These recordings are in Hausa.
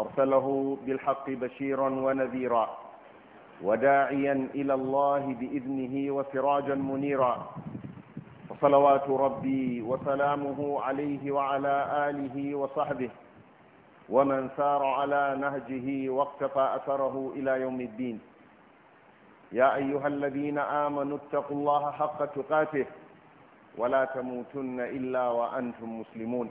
أرسله بالحق بشيرا ونذيرا وداعيا إلى الله بإذنه وسراجا منيرا فصلوات ربي وسلامه عليه وعلى آله وصحبه ومن سار على نهجه واقتفى أثره إلى يوم الدين يا أيها الذين آمنوا اتقوا الله حق تقاته ولا تموتن إلا وأنتم مسلمون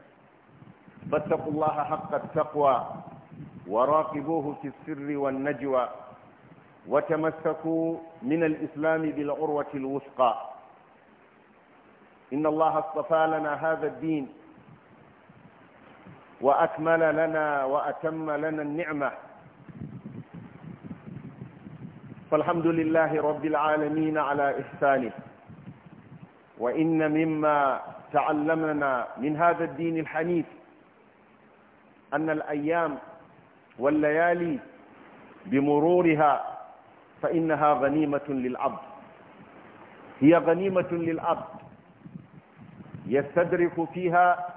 فاتقوا الله حق التقوى وراقبوه في السر والنجوى وتمسكوا من الإسلام بالعروة الوثقى إن الله اصطفى لنا هذا الدين وأكمل لنا وأتم لنا النعمة فالحمد لله رب العالمين على إحسانه وإن مما تعلمنا من هذا الدين الحنيف أن الأيام والليالي بمرورها فإنها غنيمة للعبد هي غنيمة للعبد يستدرك فيها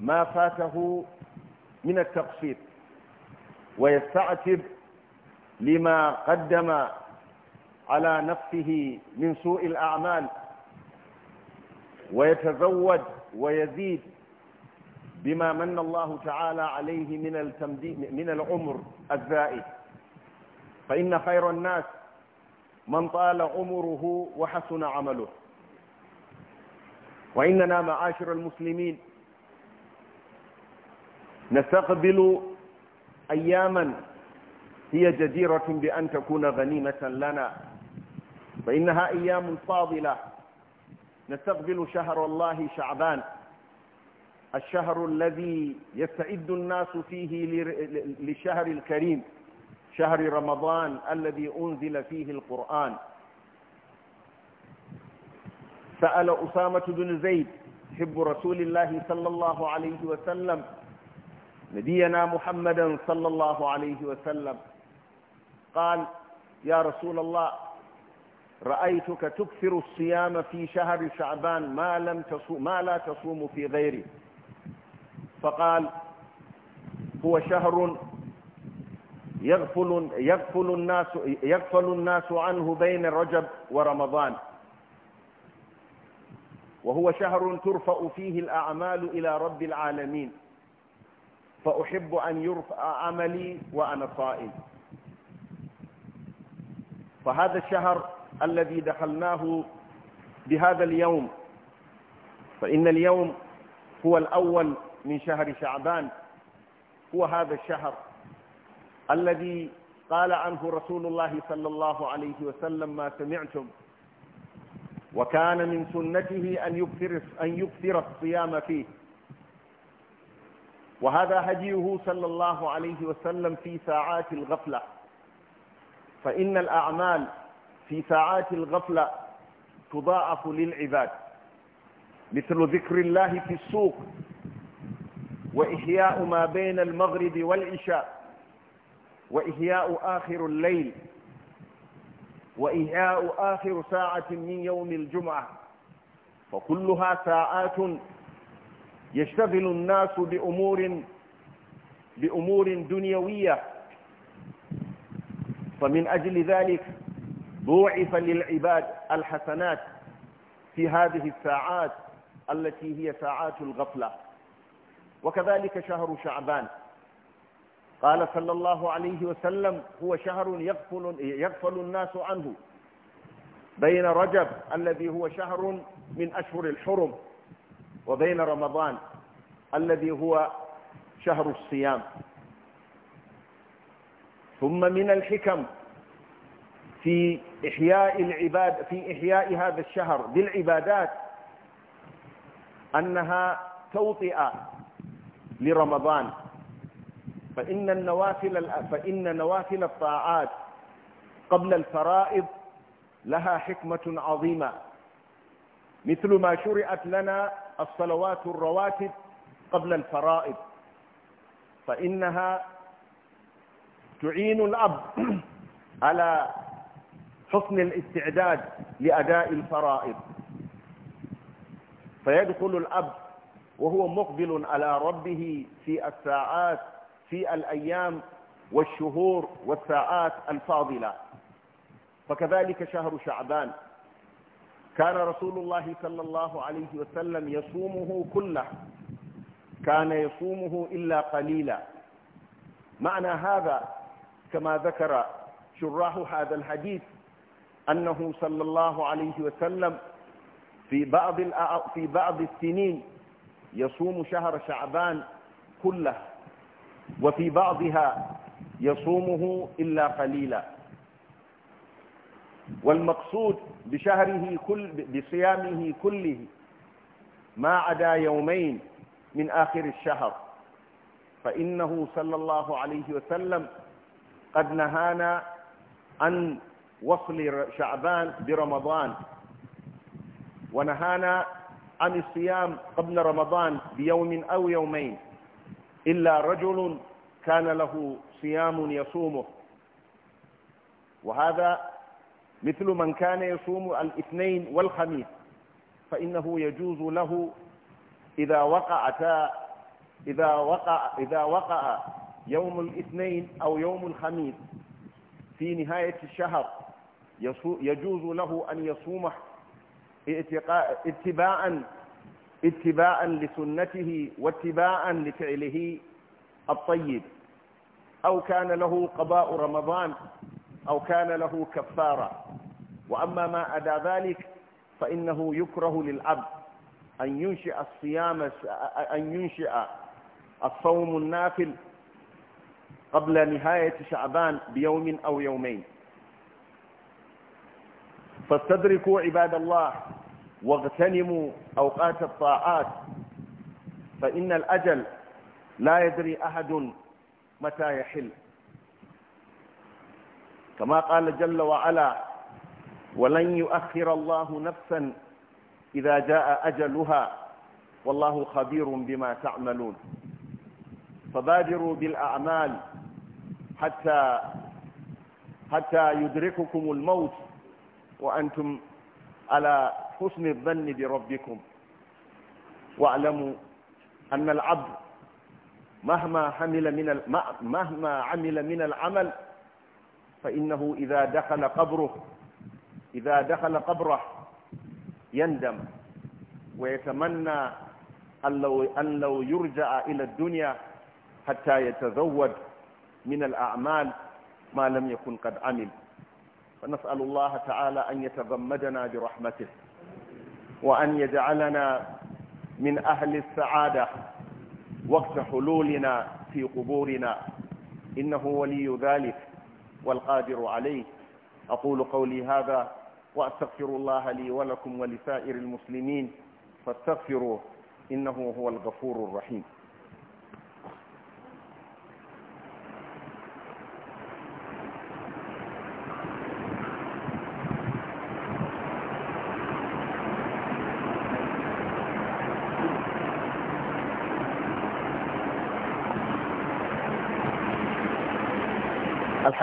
ما فاته من التقصير ويستعتب لما قدم على نفسه من سوء الأعمال ويتزود ويزيد بما من الله تعالى عليه من التمديد من العمر الزائد فإن خير الناس من طال عمره وحسن عمله وإننا معاشر المسلمين نستقبل أياما هي جديرة بأن تكون غنيمة لنا فإنها أيام فاضلة نستقبل شهر الله شعبان الشهر الذي يستعد الناس فيه للشهر الكريم شهر رمضان الذي أنزل فيه القرآن سأل أسامة بن زيد حب رسول الله صلى الله عليه وسلم نبينا محمدا صلى الله عليه وسلم قال يا رسول الله رأيتك تكثر الصيام في شهر شعبان ما, لم تصوم ما لا تصوم في غيره فقال هو شهر يغفل يغفل الناس يغفل الناس عنه بين رجب ورمضان وهو شهر ترفع فيه الأعمال إلى رب العالمين فأحب أن يرفع عملي وأنا صائم فهذا الشهر الذي دخلناه بهذا اليوم فإن اليوم هو الأول من شهر شعبان هو هذا الشهر الذي قال عنه رسول الله صلى الله عليه وسلم ما سمعتم وكان من سنته أن يكثر, أن يكثر الصيام فيه وهذا هديه صلى الله عليه وسلم في ساعات الغفلة فإن الأعمال في ساعات الغفلة تضاعف للعباد مثل ذكر الله في السوق وإحياء ما بين المغرب والعشاء وإحياء آخر الليل وإحياء آخر ساعة من يوم الجمعة فكلها ساعات يشتغل الناس بأمور بأمور دنيوية فمن أجل ذلك ضوعف للعباد الحسنات في هذه الساعات التي هي ساعات الغفله وكذلك شهر شعبان قال صلى الله عليه وسلم هو شهر يغفل, يغفل الناس عنه بين رجب الذي هو شهر من أشهر الحرم وبين رمضان الذي هو شهر الصيام ثم من الحكم في إحياء العباد في إحياء هذا الشهر بالعبادات أنها توطئ لرمضان فإن النوافل فإن نوافل الطاعات قبل الفرائض لها حكمة عظيمة مثل ما شرعت لنا الصلوات الرواتب قبل الفرائض فإنها تعين الأب على حسن الاستعداد لأداء الفرائض فيدخل الأب وهو مقبل على ربه في الساعات في الأيام والشهور والساعات الفاضلة فكذلك شهر شعبان كان رسول الله صلى الله عليه وسلم يصومه كله كان يصومه إلا قليلا معنى هذا كما ذكر شراح هذا الحديث أنه صلى الله عليه وسلم في بعض في بعض السنين يصوم شهر شعبان كله وفي بعضها يصومه إلا قليلا والمقصود بشهره كل بصيامه كله ما عدا يومين من آخر الشهر فإنه صلى الله عليه وسلم قد نهانا عن وصل شعبان برمضان ونهانا عن الصيام قبل رمضان بيوم أو يومين إلا رجل كان له صيام يصومه وهذا مثل من كان يصوم الاثنين والخميس فإنه يجوز له إذا وقعتا إذا وقع إذا وقع يوم الاثنين أو يوم الخميس في نهاية الشهر يجوز له أن يصوم اتباعا اتباعا لسنته واتباعا لفعله الطيب أو كان له قضاء رمضان أو كان له كفارة وأما ما أدى ذلك فإنه يكره للعبد أن ينشئ الصيام أن ينشئ الصوم النافل قبل نهاية شعبان بيوم أو يومين فاستدركوا عباد الله واغتنموا أوقات الطاعات فإن الأجل لا يدري أحد متى يحل كما قال جل وعلا ولن يؤخر الله نفسا إذا جاء أجلها والله خبير بما تعملون فبادروا بالأعمال حتى حتى يدرككم الموت وأنتم على حسن الظن بربكم واعلموا أن العبد مهما حمل من مهما عمل من العمل فإنه إذا دخل قبره إذا دخل قبره يندم ويتمنى أن لو, أن لو يرجع إلى الدنيا حتى يتزود من الأعمال ما لم يكن قد عمل فنسأل الله تعالى أن يتغمدنا برحمته وأن يجعلنا من أهل السعادة وقت حلولنا في قبورنا إنه ولي ذلك والقادر عليه أقول قولي هذا وأستغفر الله لي ولكم ولسائر المسلمين فاستغفروه إنه هو الغفور الرحيم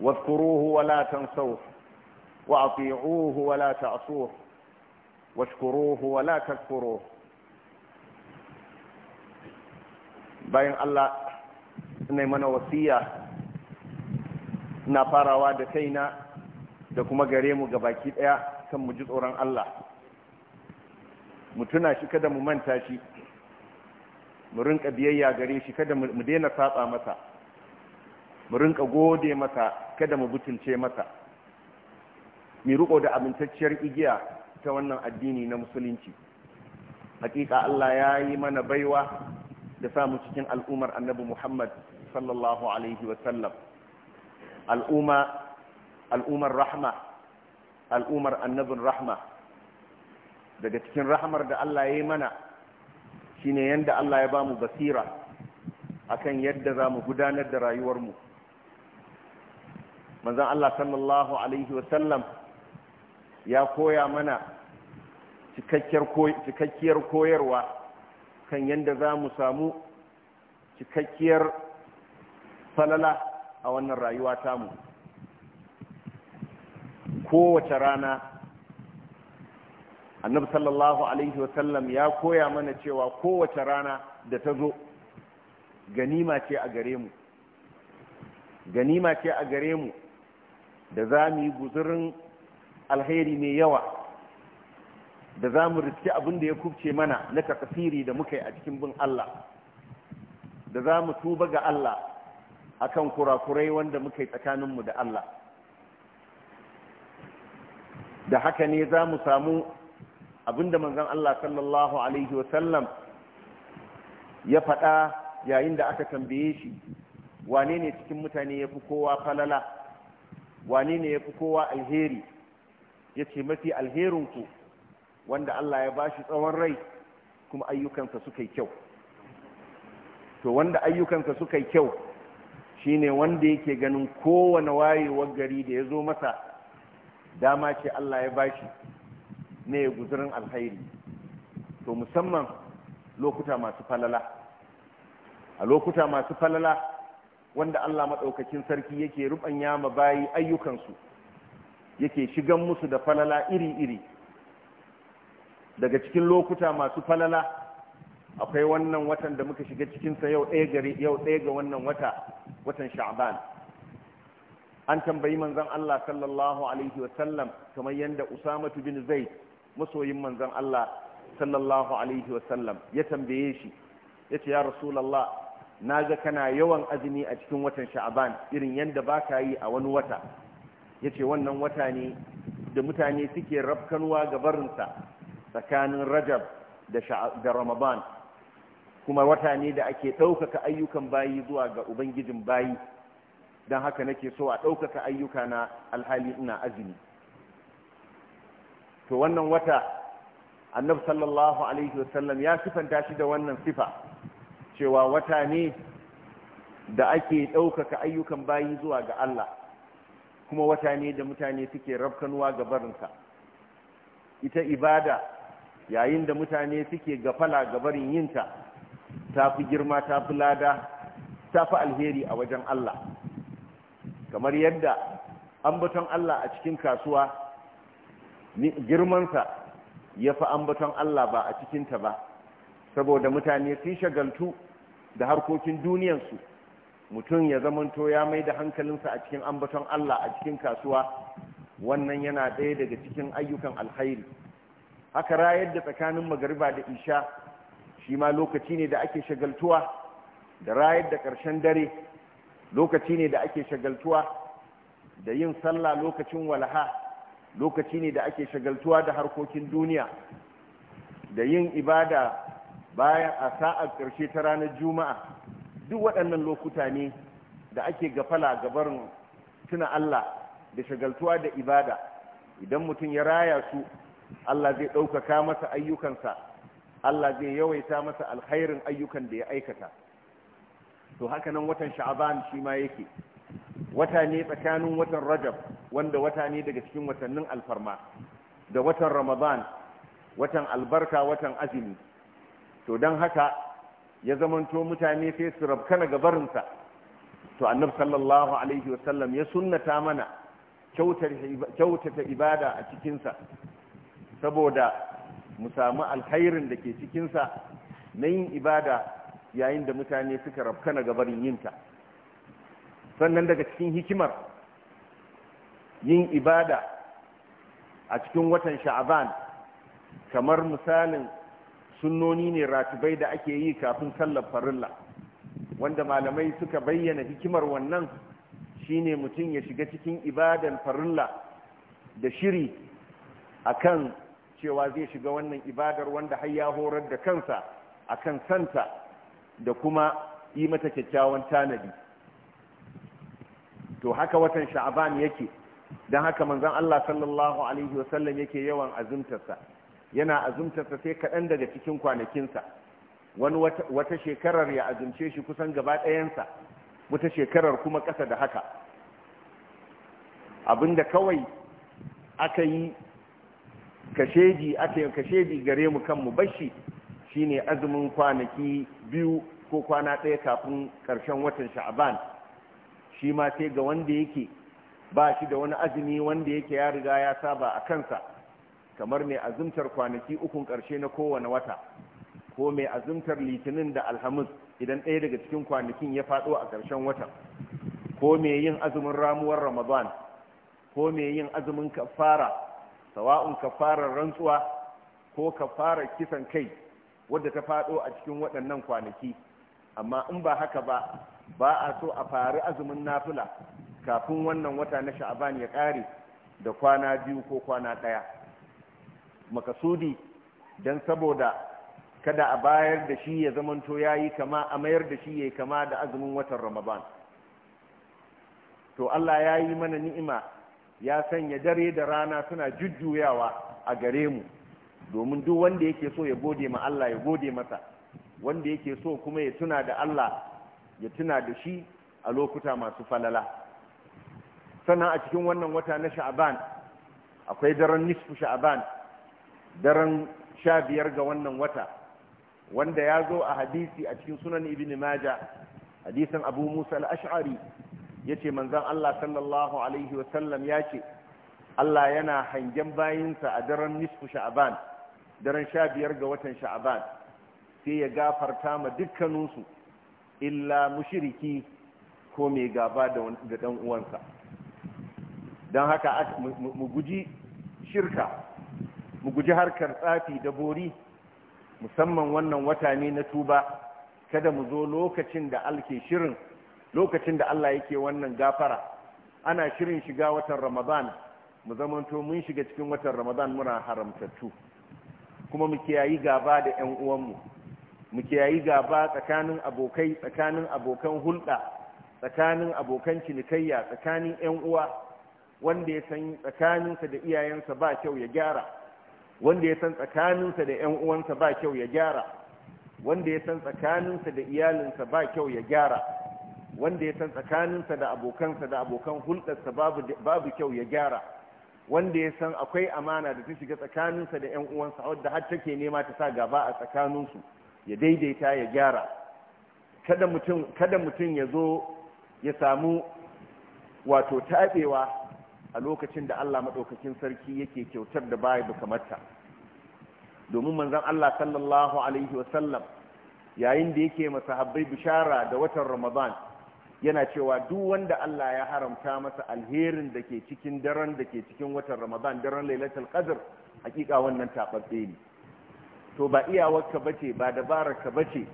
واذكروه ولا تنسوه واطيعوه ولا تعصوه واشكروه ولا تكفروه باين الله نيمان وصيه na farawa da kaina da kuma gare mu baki daya kan mu ji tsoron Allah mu tuna shi kada mu manta shi mu rinka biyayya gare shi kada mu daina saba masa mu rinka gode masa kada mu butulce masa mi riko da amintacciyar igiya ta wannan addini na musulunci hakika Allah ya yi mana baiwa da samu cikin al'umar annabi Muhammad sallallahu alaihi wasallam al'umma al'umar rahma al'umar annabin rahma daga cikin rahmar da Allah ya yi mana shine yanda Allah ya bamu basira akan yadda za mu gudanar da rayuwarmu manzon Allah sallallahu alaihi wasallam ya koya mana cikakkiyar koyarwa kan yadda za mu samu cikakkiyar falala a wannan rayuwa tamu kowace rana annabi sallallahu alaihi wasallam ya koya mana cewa kowace rana da ta zo ganima ce a gare mu ganima ce a gare mu da za mu yi guzurin alheri mai yawa da za mu riske abin da ya kubce mana na takasiri da muka yi a cikin bin Allah da za mu tuba ga Allah a kan kurakurai wanda muka yi tsakaninmu da Allah da haka ne za mu samu abin da manzan Allah sallallahu alaihi wasallam ya faɗa yayin da aka tambaye shi wane ne cikin mutane ya fi kowa falala wani ne ya fi kowa alheri ya ce mafi alherinku wanda Allah ya bashi tsawon rai kuma ayyukansa suka yi kyau to wanda ayyukansa suka yi kyau shi ne wanda yake ganin kowane wayewar gari da ya zo masa dama ce Allah ya bashi ne ya guzurin alhairi to musamman lokuta masu falala a lokuta masu falala wanda Allah maɗaukakin sarki yake ruɓanya ma bayi ayyukansu yake shigan musu da falala iri-iri daga cikin lokuta masu falala akwai wannan watan da muka shiga cikinsa yau ɗaya ga wannan wata watan sha'ban an tambayi manzon Allah sallallahu alaihi wasallam kamar yadda usamatu bin zaid masoyin manzon Allah sallallahu alaihi wasallam ya tambaye shi ya ce ya rasulallah na ga kana yawan azumi a cikin watan sha'aban irin yadda ba ka yi a wani wata ya ce wannan wata ne da mutane suke rafkanuwa ga barinsa tsakanin rajab da ramadan kuma wata ne da ake ɗaukaka ayyukan bayi zuwa ga ubangijin bayi don haka nake so a ɗaukaka ayyuka na alhali ina azumi to wannan wata annabi sallallahu alaihi wasallam ya sifanta shi da wannan sifa cewa wata ne da ake ɗaukaka ayyukan bayi zuwa ga Allah kuma wata ne da mutane suke rafkanuwa ga barinsa ita ibada yayin da mutane suke gafala ga barin yinta ta fi girma ta fi lada ta fi alheri a wajen Allah kamar yadda ambaton Allah a cikin kasuwa girmansa ya fi ambaton Allah ba a cikinta ba saboda mutane sun shagaltu da harkokin duniyansu mutum ya zamanto ya mai da hankalinsa a cikin ambaton Allah a cikin kasuwa wannan yana ɗaya daga cikin ayyukan alkhairi haka rayar da tsakanin magariba da isha shi ma lokaci ne da ake shagaltuwa da rayar da ƙarshen dare lokaci ne da ake shagaltuwa da yin sallah lokacin walaha lokaci ne da ake shagaltuwa da harkokin duniya da yin ibada bayan a sa'ar ƙarshe ta ranar juma'a duk waɗannan lokuta ne da ake gafala gabar tuna Allah da shagaltuwa da ibada idan mutum ya raya su Allah zai ɗaukaka masa ayyukansa Allah zai yawaita masa alkhairin ayyukan da ya aikata to haka nan watan sha'aban shi ma yake wata ne tsakanin watan rajab wanda wata ne daga cikin watannin alfarma da watan ramadan watan albarka watan azumi to don haka ya zamanto mutane sai su rabkana gabarinsa to annab sallallahu alaihi wasallam ya sunnata mana kyautata ibada a cikinsa saboda mu samu alkhairin da ke cikinsa na yin ibada yayin da mutane suka rabkana gabarin yinta sannan daga cikin hikimar yin ibada a cikin watan sha'aban kamar misalin sunnoni ne ratibai da ake yi kafin sallar farilla wanda malamai suka bayyana hikimar wannan shine mutum ya shiga cikin ibadan farilla da shiri akan cewa zai shiga wannan ibadar wanda har ya horar da kansa akan santa da kuma yi mata kyakkyawan tanadi to haka watan sha'aban yake don haka manzon Allah sallallahu alaihi wasallam yake yawan azumtarsa yana azumtarsa sai kaɗan daga cikin kwanakinsa wani wata shekarar ya azumce shi kusan gaba ɗayansa wata shekarar kuma ƙasa da haka abinda kawai aka yi kashedi aka yi kashedi gare mu kanmu bashi shine azumin kwanaki biyu ko kwana ɗaya kafin ƙarshen watan sha'aban shi ma sai ga wanda yake ba shi da wani azumi wanda yake ya riga ya saba a kansa kamar mai azumtar kwanaki ukun ƙarshe na kowane wata ko mai azumtar litinin da alhamis idan ɗaya daga cikin kwanakin ya faɗo a ƙarshen watan ko mai yin azumin ramuwar ramadan ko mai yin azumin kafara sawa'un kafarar rantsuwa ko kafarar kisan kai wadda ta faɗo a cikin waɗannan kwanaki amma in ba haka ba ba a so a fari azumin Nafula kafin wannan wata na sha'aban ya ƙare da kwana biyu ko kwana ɗaya makasudi don saboda kada a bayar da shi ya zamanto ya yi kama a mayar da shi ya yi kama da azumin watan ramadan to allah ya yi mana ni'ima ya sanya dare da rana suna jujjuyawa a gare mu domin duk wanda yake so ya gode ma allah ya gode masa wanda yake so kuma ya tuna da allah ya tuna da shi a lokuta masu falala sannan a cikin wannan wata na sha'aban akwai daren nisfu sha'aban daren sha biyar ga wannan wata wanda ya zo a hadisi a cikin sunan ibn maja hadisan abu musa al-ash'ari ya ce manzan allah sallallahu alaihi wasallam ya ce allah yana hangen bayinsa a daren nisfu sha'aban daren sha biyar ga watan sha'aban sai ya gafarta ma dukkaninsu illa mushiriki ko mai gaba da ɗan uwansa don haka mu guji shirka mu guji harkar tsafi da bori musamman wannan wata ne na tuba kada mu zo lokacin da alke shirin lokacin da Allah yake wannan gafara ana shirin shiga watan Ramadan mu zamanto mun shiga cikin watan Ramadan muna haramtattu kuma mu kiyayi gaba da 'yan uwanmu mu kiyayi gaba tsakanin abokai tsakanin abokan hulɗa tsakanin abokan cinikayya tsakanin 'yan uwa wanda ya san tsakaninsa da iyayensa ba kyau ya gyara wanda ya san tsakaninsa da ‘yan uwansa ba kyau ya gyara wanda ya san tsakaninsa da iyalinsa ba kyau ya gyara wanda ya san tsakaninsa da abokansa da abokan hulɗarsa babu kyau ya gyara wanda ya san akwai amana da ta shiga tsakaninsa da 'yan uwansa wadda har take nema ta sa gaba a tsakaninsu ya daidaita ya gyara kada mutum ya zo ya samu wato taɓewa a lokacin da Allah maɗaukakin sarki yake kyautar da baya da kamarta domin manzon Allah sallallahu alaihi wasallam yayin da yake masahabbai bishara da watan Ramadan yana cewa duk wanda Allah ya haramta masa alherin da ke cikin daren da ke cikin watan Ramadan daren Lailatul Qadr hakika wannan tababbe ne to ba iyawarka bace ba dabararka bace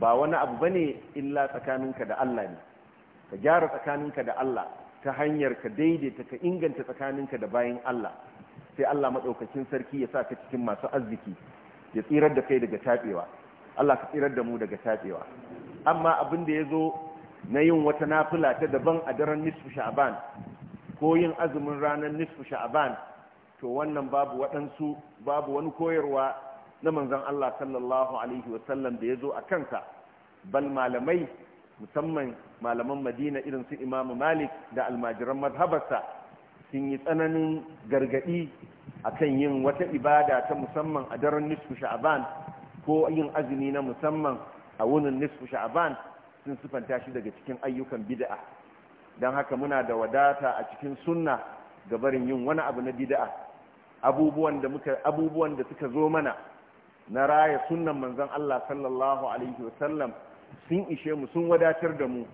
ba wani abu bane illa tsakaninka da Allah ne ka gyara tsakaninka da Allah ta hanyar ka daidaita ka inganta tsakaninka da bayan Allah sai Allah maɗaukakin sarki ya sa ka cikin masu arziki ya tsirar da kai daga taɓewa Allah ka tsirar da mu daga taɓewa amma abin da ya zo na yin wata nafila ta daban a daren nisfu sha'aban ko yin azumin ranar nisfu sha'aban to wannan babu waɗansu babu wani koyarwa na manzon Allah sallallahu alaihi wasallam da ya zo a kansa bal malamai musamman malaman madina irin su imamu malik da almajiran mazhabarsa sun yi tsananin gargadi kan yin wata ibada ta musamman a daren nisfu sha'aban ko yin azumi na musamman a wunin nisfu sha'aban sun sufanta shi daga cikin ayyukan bid'a don haka muna da wadata a cikin sunna ga barin yin wani abu na bid'a abubuwan da suka zo mana na raya sunnan manzon Allah sallallahu alaihi wasallam sun ishe mu sun wadatar da mu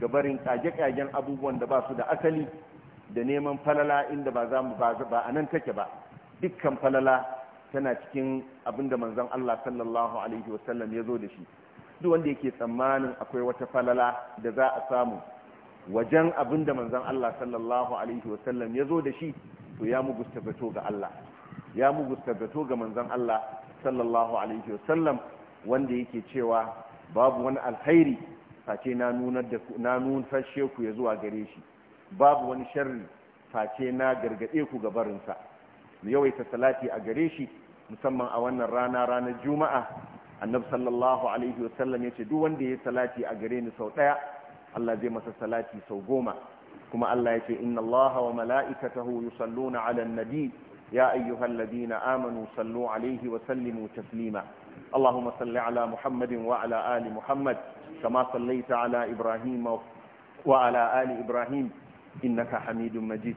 ga barin kage-kagen abubuwan da ba su da asali da neman falala inda ba za mu ba a nan take ba dukkan falala tana cikin abin da manzon Allah sallallahu alaihi wasallam ya zo da shi duk wanda yake tsammanin akwai wata falala da za a samu wajen abin da manzon Allah sallallahu alaihi wasallam ya zo da shi to ya mu gustagato ga Allah ya mu gustagato ga manzon Allah sallallahu alaihi wasallam wanda yake cewa babu wani alkhairi face na nunar da na nunfashe ku ya zuwa gare shi babu wani sharri face na gargade ku ga barinsa mu yawaita salati a gare shi musamman a wannan rana ranar juma'a annabi sallallahu alaihi wasallam yace duk wanda ya salati a gare ni sau daya Allah zai masa salati sau goma kuma Allah yace inna Allah wa mala'ikatahu yusalluna 'alan nabi ya ayyuhalladhina amanu sallu alaihi wa sallimu taslima اللهم صل على محمد وعلى آل محمد كما صليت على إبراهيم وعلى آل إبراهيم إنك حميد مجيد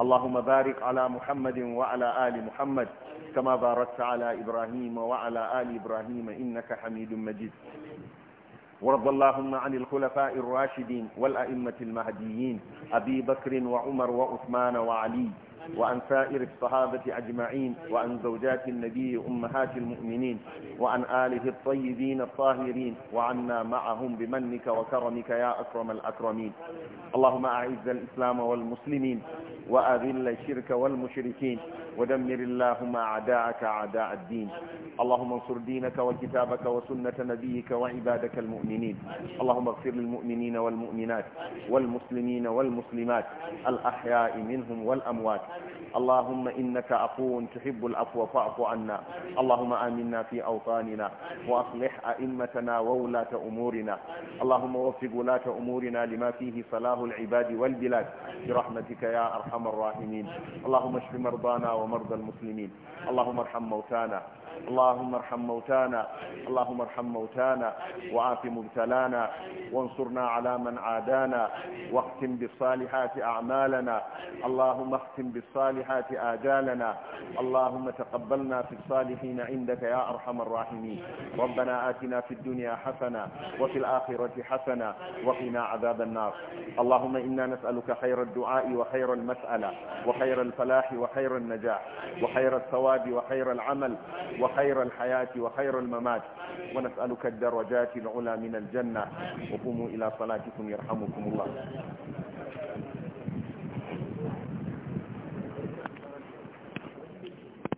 اللهم بارك على محمد وعلى آل محمد كما باركت على إبراهيم وعلى آل إبراهيم إنك حميد مجيد ورضى اللهم عن الخلفاء الراشدين والأئمة المهديين أبي بكر وعمر وعثمان وعلي وعن سائر الصحابة أجمعين وعن زوجات النبي أمهات المؤمنين وعن آله الطيبين الطاهرين وعنا معهم بمنك وكرمك يا أكرم الأكرمين اللهم أعز الإسلام والمسلمين وأذل الشرك والمشركين ودمر اللهم أعداءك أعداء الدين اللهم انصر دينك وكتابك وسنة نبيك وعبادك المؤمنين اللهم اغفر للمؤمنين والمؤمنات والمسلمين والمسلمات الأحياء منهم والأموات اللهم إنك عفو تحب العفو فاعف عنا اللهم آمنا في أوطاننا وأصلح أئمتنا وولاة أمورنا اللهم وفق ولاة أمورنا لما فيه صلاح العباد والبلاد برحمتك يا أرحم الراحمين اللهم اشف مرضانا ومرضى المسلمين اللهم ارحم موتانا اللهم ارحم موتانا اللهم ارحم موتانا وعاف مبتلانا وانصرنا على من عادانا واختم بالصالحات أعمالنا اللهم اختم بالصالحات آجالنا اللهم تقبلنا في الصالحين عندك يا أرحم الراحمين ربنا آتنا في الدنيا حسنة وفي الآخرة حسنة وقنا عذاب النار اللهم إنا نسألك خير الدعاء وخير المسألة وخير الفلاح وخير النجاح وخير الثواب وخير العمل وخير الحياة وخير الممات ونسألك الدرجات العلى من الجنة وقوموا إلى صلاتكم يرحمكم الله